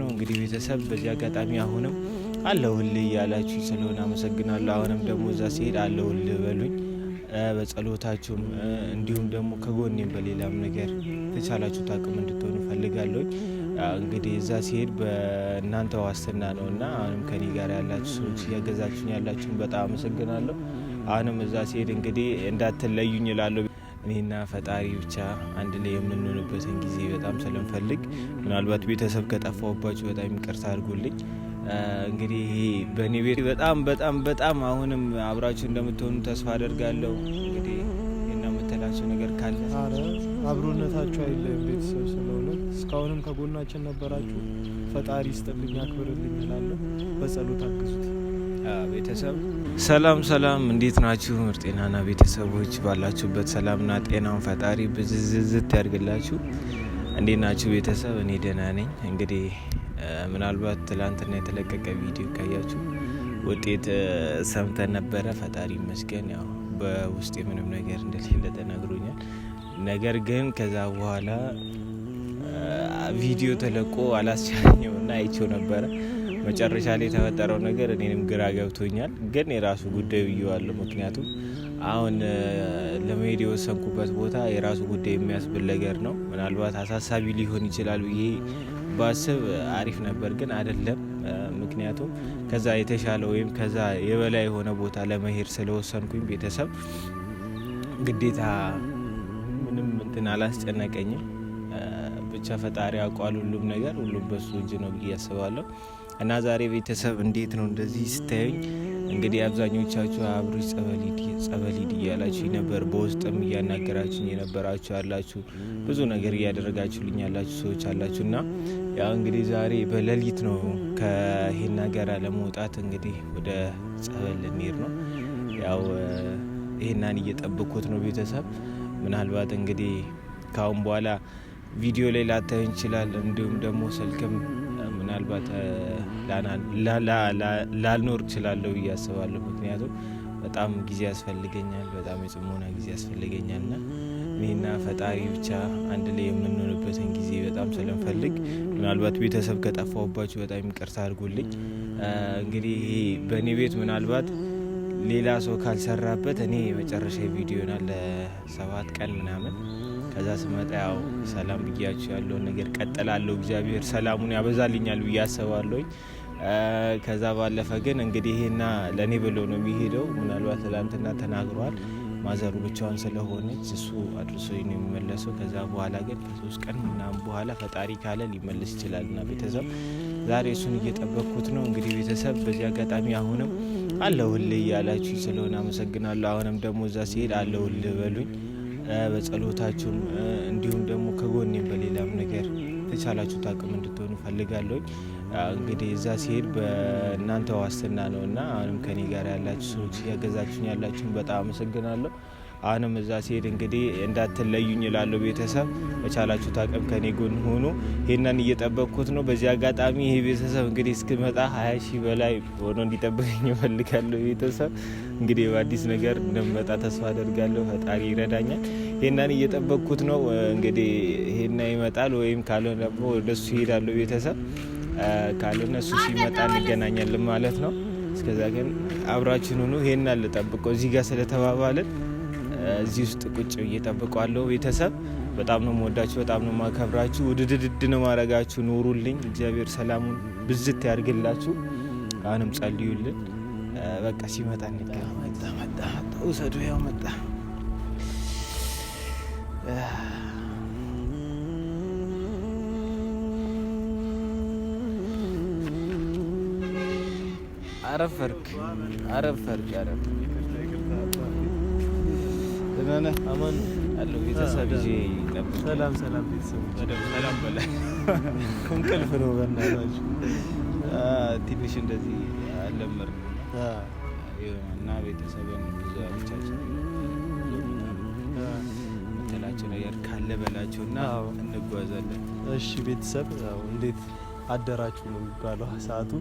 ነው። እንግዲህ ቤተሰብ በዚህ አጋጣሚ አሁንም አለሁልህ እያላችሁ ስለሆነ አመሰግናለሁ። አሁንም ደግሞ እዛ ሲሄድ አለሁልህ በሉኝ በጸሎታችሁም እንዲሁም ደግሞ ከጎኔም በሌላም ነገር የተቻላችሁት ታቅም እንድትሆኑ እፈልጋለሁ። እንግዲህ እዛ ሲሄድ በእናንተ ዋስትና ነው እና አሁንም ከኔ ጋር ያላችሁ ሰዎች እያገዛችሁን ያላችሁን በጣም አመሰግናለሁ። አሁንም እዛ ሲሄድ እንግዲህ እንዳትለዩኝ እላለሁ። እኔና ፈጣሪ ብቻ አንድ ላይ የምንሆንበትን ጊዜ በጣም ስለምፈልግ ምናልባት ቤተሰብ ከጠፋውባቸው በጣም ይቅርታ አድርጉልኝ። እንግዲህ በእኔ ቤት በጣም በጣም በጣም አሁንም አብራችሁ እንደምትሆኑ ተስፋ አደርጋለሁ። እንግዲህ እና የምትላቸው ነገር ካለ አብሮነታችሁ አይለ ቤተሰብ ስለሆነ እስካሁንም ከጎናችን ነበራችሁ። ፈጣሪ ስጥልኝ፣ አክብርልኝ እላለሁ። በጸሎት አግዙት። ቤተሰብ ሰላም ሰላም፣ እንዴት ናችሁ? ምርጤናና ቤተሰቦች ባላችሁበት ሰላምና ጤናውን ፈጣሪ ብዝዝዝት ያድርግላችሁ። እንዴት ናችሁ ቤተሰብ? እኔ ደህና ነኝ። እንግዲህ ምናልባት ትላንትና የተለቀቀ ቪዲዮ ካያችሁ ውጤት ሰምተን ነበረ። ፈጣሪ ይመስገን፣ ያው በውስጥ የምንም ነገር እንደሌለ ተነግሮኛል። ነገር ግን ከዛ በኋላ ቪዲዮ ተለቆ አላስቻለኝም እና አይቼው ነበረ መጨረሻ ላይ የተፈጠረው ነገር እኔንም ግራ ገብቶኛል፣ ግን የራሱ ጉዳይ ብዬዋለሁ። ምክንያቱም አሁን ለመሄድ የወሰንኩበት ቦታ የራሱ ጉዳይ የሚያስብል ነገር ነው። ምናልባት አሳሳቢ ሊሆን ይችላል ብዬ ባስብ አሪፍ ነበር፣ ግን አይደለም። ምክንያቱም ከዛ የተሻለ ወይም ከዛ የበላይ የሆነ ቦታ ለመሄድ ስለወሰንኩኝ ቤተሰብ ግዴታ ምንም እንትን አላስጨነቀኝም። ብቻ ፈጣሪ አውቋል ሁሉም ነገር፣ ሁሉም በሱ እጅ ነው ብዬ አስባለሁ። እና ዛሬ ቤተሰብ እንዴት ነው እንደዚህ ስታዩኝ እንግዲህ አብዛኞቻችሁ አብሩ ጸበሊድ ሂድ እያላችሁ ነበር። በውስጥም እያናገራችሁኝ የነበራችሁ አላችሁ፣ ብዙ ነገር እያደረጋችሁልኝ ያላችሁ ሰዎች አላችሁ። እና ያው እንግዲህ ዛሬ በሌሊት ነው ከሄና ነገር ለመውጣት እንግዲህ ወደ ጸበል ልንሄድ ነው። ያው ይህናን እየጠበኩት ነው ቤተሰብ። ምናልባት እንግዲህ ካሁን በኋላ ቪዲዮ ላይ ላታዩኝ ይችላል፣ እንዲሁም ደግሞ ስልክም ምናልባት ላልኖር እችላለሁ ብዬ አስባለሁ። ምክንያቱም በጣም ጊዜ ያስፈልገኛል፣ በጣም የጽሞና ጊዜ ያስፈልገኛል እና እኔና ፈጣሪ ብቻ አንድ ላይ የምንሆንበትን ጊዜ በጣም ስለምፈልግ ምናልባት ቤተሰብ ከጠፋሁባችሁ በጣም ይቅርታ አድርጉልኝ። እንግዲህ ይሄ በእኔ ቤት ምናልባት ሌላ ሰው ካልሰራበት እኔ የመጨረሻ ቪዲዮ ይሆናል ለሰባት ቀን ምናምን ከዛ ስመጣ ያው ሰላም ብያችሁ ያለውን ነገር ቀጥላለሁ። እግዚአብሔር ሰላሙን ያበዛልኛል ብዬ አስባለሁኝ። ከዛ ባለፈ ግን እንግዲህ ይሄና ለእኔ ብሎ ነው የሚሄደው። ምናልባት ትላንትና ተናግሯል። ማዘሩ ብቻውን ስለሆነች እሱ አድርሶ ነው የሚመለሰው። ከዛ በኋላ ግን ከሶስት ቀን ምናምን በኋላ ፈጣሪ ካለ ሊመለስ ይችላል። ና ቤተሰብ ዛሬ እሱን እየጠበቅኩት ነው። እንግዲህ ቤተሰብ በዚህ አጋጣሚ አሁንም አለሁልህ እያላችሁ ስለሆነ አመሰግናለሁ። አሁንም ደግሞ እዛ ሲሄድ አለሁልህ በሉኝ። በጸሎታችሁም እንዲሁም ደግሞ ከጎኔም በሌላም ነገር ተቻላችሁ ታቅም እንድትሆኑ እፈልጋለሁ። እንግዲህ እዛ ሲሄድ በእናንተ ዋስትና ነው እና አሁንም ከኔ ጋር ያላችሁ ሰዎች እያገዛችሁን ያላችሁን በጣም አመሰግናለሁ። አሁንም እዛ ሲሄድ እንግዲህ እንዳትለዩኝ ላለው ቤተሰብ በቻላችሁት አቅም ከኔ ጎን ሆኑ። ይህንን እየጠበቅኩት ነው። በዚህ አጋጣሚ ይህ ቤተሰብ እንግዲህ እስክመጣ ሀያ ሺህ በላይ ሆኖ እንዲጠብቀኝ ይፈልጋለሁ። ቤተሰብ እንግዲህ በአዲስ ነገር እንደምመጣ ተስፋ አደርጋለሁ። ፈጣሪ ይረዳኛል። ይህንን እየጠበቅኩት ነው። እንግዲህ ይህና ይመጣል ወይም ካልሆነ ደግሞ ወደሱ ይሄዳለሁ። ቤተሰብ ካልሆነ እሱ ሲመጣ እንገናኛለን ማለት ነው። እስከዛ ግን አብራችን ሁኑ። ይሄን ልጠብቀው እዚህ ጋር ስለተባባልን እዚህ ውስጥ ቁጭ እየጠብቋለሁ። ቤተሰብ በጣም ነው መወዳችሁ፣ በጣም ነው ማከብራችሁ። ውድድድድ ነው ማረጋችሁ። ኖሩልኝ። እግዚአብሔር ሰላሙን ብዝት ያድርግላችሁ። አሁንም ጸልዩልን። በቃ ሲመጣ መጣ ውሰዱ። ያው መጣ አረፈርክ አረፈርክ አረፈርክ ደህና ነህ? አማን አለሁ። ቤተሰብ ይዤ ሰላም ሰላም፣ ቤተሰቦች ሰላም በለ። እንቅልፍ ነው በእናታችሁ። ትንሽ እንደዚህ አልለመድንም እና ቤተሰብን ብዙ አልቻችን የምትላቸው ነገር ካለ በላቸው እና እንጓዛለን። እሺ ቤተሰብ እንዴት አደራችሁ ነው የሚባለው ሰዓቱ።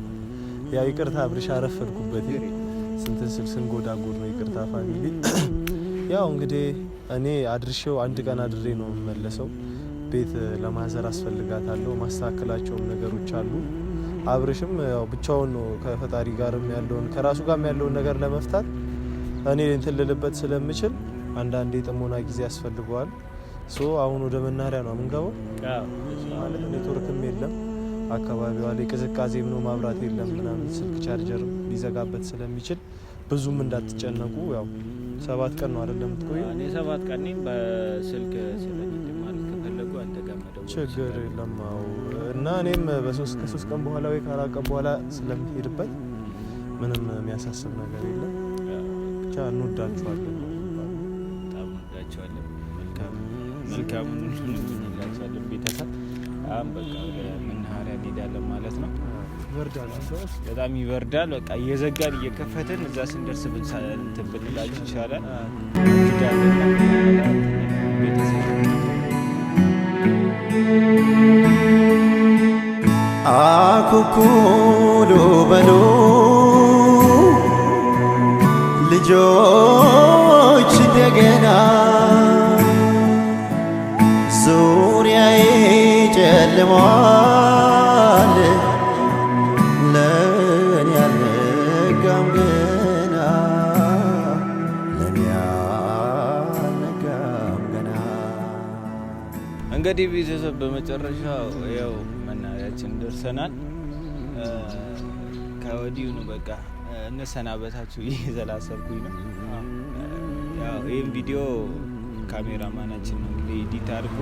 ያው ይቅርታ ብርሻ ረፈድኩበት። ስንት ስል ስንጎዳጎድ ነው። ይቅርታ ፋሚሊ ያው እንግዲህ እኔ አድርሼው አንድ ቀን አድሬ ነው የምመለሰው። ቤት ለማዘር አስፈልጋታለሁ። ማስተካከላቸውም ነገሮች አሉ። አብርሽም ያው ብቻውን ነው ከፈጣሪ ጋርም ያለውን ከራሱ ጋርም ያለውን ነገር ለመፍታት እኔ እንትን ልልበት ስለምችል አንዳንዴ የጥሞና ጊዜ ያስፈልገዋል። ሶ አሁን ወደ መናሪያ ነው የምንገባው። ማለት ኔትወርክም የለም አካባቢዋ ላይ ቅዝቃዜም ነው፣ ማብራት የለም ምናምን ስልክ ቻርጀር ሊዘጋበት ስለሚችል ብዙም እንዳትጨነቁ። ያው ሰባት ቀን ነው አይደለም የምትቆየው? እኔ ሰባት ቀን ነኝ። በስልክ ከፈለጉ ችግር የለም። አዎ እና እኔም በሶስት ከሶስት ቀን በኋላ ወይ ከአራት ቀን በኋላ ስለምሄድበት ምንም የሚያሳስብ ነገር የለም። ብቻ እንወዳችኋለን። በጣም እንወዳችኋለን። መልካም መልካም ቤተሰብ አሁን በቃ መናኸሪያ እንሄዳለን ማለት ነው። በጣም ይበርዳል። በቃ እየዘጋን እየከፈትን እዛ ስንደርስ ብንሳለን ትብልላችሁ ይቻላል። አኩኩሉ በሉ ልጆች እንደገና ዙሪያዬ ጨልሟል እንግዲህ ቤተሰብ በመጨረሻ ያው መናሪያችን ደርሰናል። ከወዲሁ ነው በቃ እንሰናበታችሁ እየዘላሰብኩኝ ነው። ይህም ቪዲዮ ካሜራማናችን እንግዲህ ኤዲት አድርጎ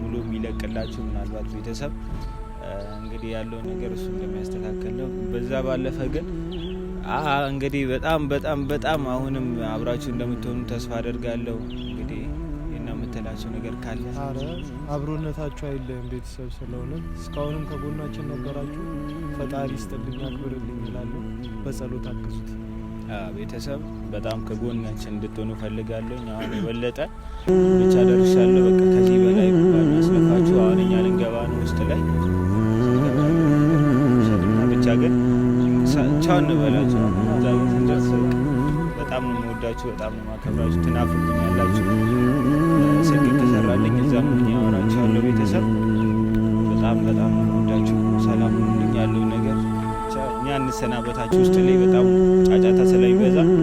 ሙሉ የሚለቅላችሁ ምናልባት ቤተሰብ እንግዲህ ያለው ነገር እሱ እንደሚያስተካከል ነው። በዛ ባለፈ ግን እንግዲህ በጣም በጣም በጣም አሁንም አብራችሁ እንደምትሆኑ ተስፋ አደርጋለሁ። የምትላቸው ነገር ካለ? አረ አብሮነታችሁ አይለም ቤተሰብ ስለሆነ እስካሁንም ከጎናችን ነበራችሁ። ፈጣሪ ይስጥልኝ ያክብርልኝ ይላሉ። በጸሎት አግዙት። ቤተሰብ በጣም ከጎናችን እንድትሆኑ ፈልጋለሁ። አሁን የበለጠ ብቻ ደርሻለሁ። በቃ ከዚህ በላይ ባናስለፋችሁ። አሁን እኛ ልንገባ ነው ውስጥ ላይ ብቻ ግን ቻው እንበላችሁ ዛ በጣም ነው የምወዳችሁ፣ በጣም ነው የማከብራችሁ። ትናፍቁኝ ያላችሁ ስልክ ከሰራልኝ እዛም ሆኜ አወራችኋለሁ። ቤተሰብ በጣም በጣም ነው የምወዳችሁ። ሰላም ሁኑልኝ። ያለውን ነገር እኛ እንሰናበታችሁ። ውስጥ ላይ በጣም ጫጫታ ስለሚበዛ